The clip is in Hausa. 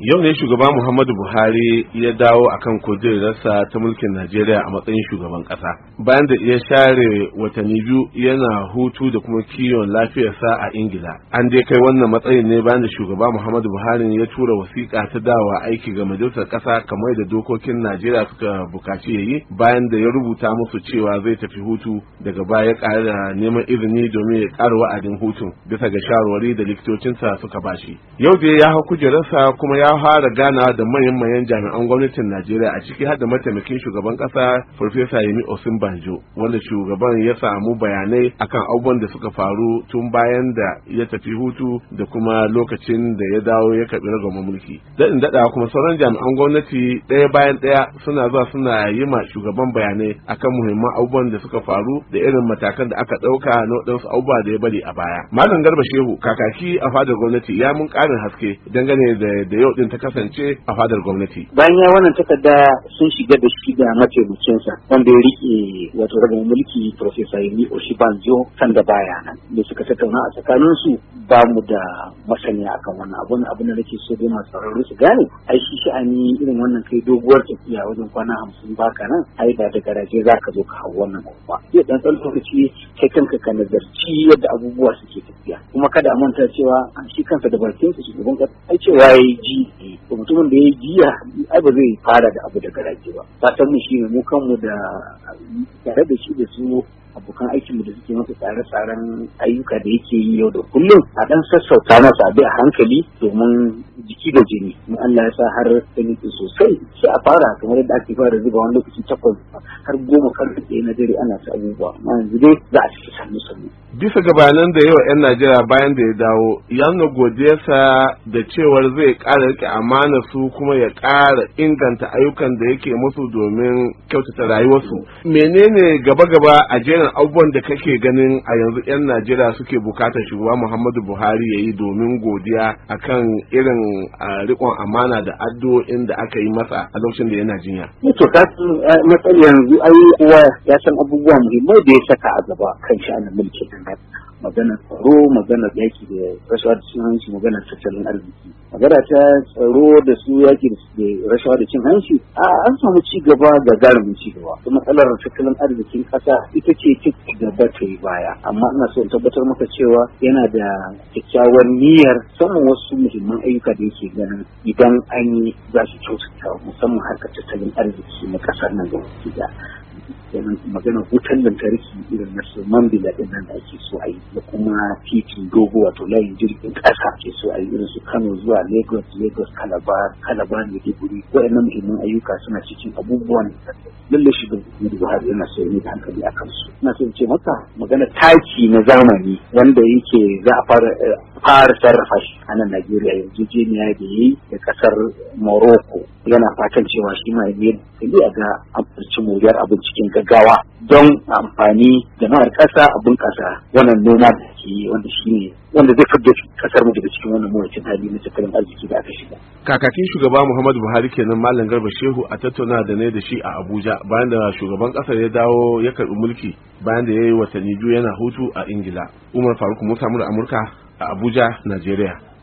yau ne shugaba muhammadu buhari ya dawo a kan kujerarsa ta mulkin najeriya a matsayin shugaban kasa bayan da ya share watanni biyu yana hutu da kuma kiwon lafiyarsa a ingila an dai kai wannan matsayin ne bayan da shugaba muhammadu buhari ya tura wasiƙa ta dawa aiki ga majalisar kasa kamar da dokokin najeriya suka bukaci ya yi bayan da ya rubuta musu cewa zai tafi hutu daga baya ƙara neman izini domin ya ƙara wa'adin hutun bisa ga shawarwari da likitocinsa suka bashi yau dai ya hau kujerarsa kuma ya ya fara ganawa da manyan manyan jami'an gwamnatin najeriya a ciki har da mataimakin shugaban kasa farfesa yemi banjo wanda shugaban ya samu bayanai akan abubuwan da suka faru tun bayan da ya tafi hutu da kuma lokacin da ya dawo ya karbi ragama mulki daɗin daɗa kuma sauran jami'an gwamnati ɗaya bayan ɗaya suna zuwa suna yi ma shugaban bayanai akan muhimman abubuwan da suka faru da irin matakan da aka ɗauka na waɗansu abubuwa da ya bari a baya malam garba shehu kakaki a fadar gwamnati ya mun ƙarin haske dangane da yau din ta kasance a fadar gwamnati bayan ya wannan takarda sun shiga da shi da mataimakinsa wanda ya rike wato rabin mulki professor Yemi Oshibanjo kan da baya nan da suka tattauna a tsakanin su ba mu da masaniya akan wannan abun abin da nake so dai masu tsaron su gane ai shi sha'ani irin wannan kai doguwar tafiya wajen kwana hamsin baka nan ai ba da garaje za ka zo ka hau wannan kuma. zai dan tsan lokaci kai kanka ka nazarci yadda abubuwa suke tafiya kuma kada a manta cewa shi kansa da barkinsa shi gaban kasa ai cewa ya ji mutumin da ya yi jiya ai ba zai fara da abu daga rake ba fatan mu shine mu kanmu da tare da shi da su abokan aikinmu da suke masa tsare-tsaren ayyuka da yake yi yau da kullum a dan sassauta masa a hankali domin jiki da jini in Allah ya sa har ta miƙe sosai sai a fara kamar yadda ake fara zuba wani lokaci takwas har goma karfe ɗaya na dare ana ta abubuwa amma yanzu dai za a cika sannu sannu. bisa gabanin da yawa 'yan najeriya bayan da ya dawo ya nuna godiyarsa da cewar zai ƙara rike amana su kuma ya ƙara inganta ayyukan da yake musu domin kyautata rayuwarsu menene gaba-gaba a jerin abubuwan da kake ganin a yanzu 'yan najeriya suke bukatar shugaba muhammadu buhari ya yi domin godiya akan irin rikon amana da addu'o'in da aka yi masa a lokacin da yana jinya. Eh, to ka yanzu ai kowa ya san abubuwa muhimmai da ya saka a gaba kan ana mulkin maganar tsaro maganar yaki da rashawa da cin hanci maganar tattalin arziki magana ta tsaro da su yaki da rashawa da cin hanci a an samu ci gaba ga garamin ci gaba ta matsalar tattalin arzikin kasa ita ce ci gaba ta baya amma ina so in tabbatar maka cewa yana da kyakkyawar niyyar samun wasu muhimman ayyuka da yake ganin idan an yi za su kyautata musamman harkar tattalin arziki na kasar nan gaba wasu Maganar magana wutan lantarki irin na su man din nan da ake so a yi da kuma titin dogo wato layin jirgin ƙasa ke so a yi irin su Kano zuwa Lagos Lagos Calabar Calabar ne ke guri waɗannan muhimman ayyuka suna cikin abubuwan lalle shi da Buhari yana so ne da hankali a kansu ina so ce maka magana taki na zamani wanda yake za a fara eh, fara sarrafa shi a nan Najeriya yarjejeniya da yi da ƙasar Morocco yana fatan cewa shi ma ya ga ci moriyar abin cikin gaggawa don amfani jama'ar ƙasa a bunƙasa wannan noma da ke wanda shi ne wanda zai fidda kasar mu daga cikin wannan mawacin hali na tattalin arziki da aka shiga. Kakakin shugaba Muhammadu Buhari kenan Malam Garba Shehu a tattauna da ne da shi a Abuja bayan da shugaban ƙasar ya dawo ya karɓi mulki bayan da ya yi watanni biyu yana hutu a Ingila. Umar Faruk Musa Amurka a Abuja, Najeriya.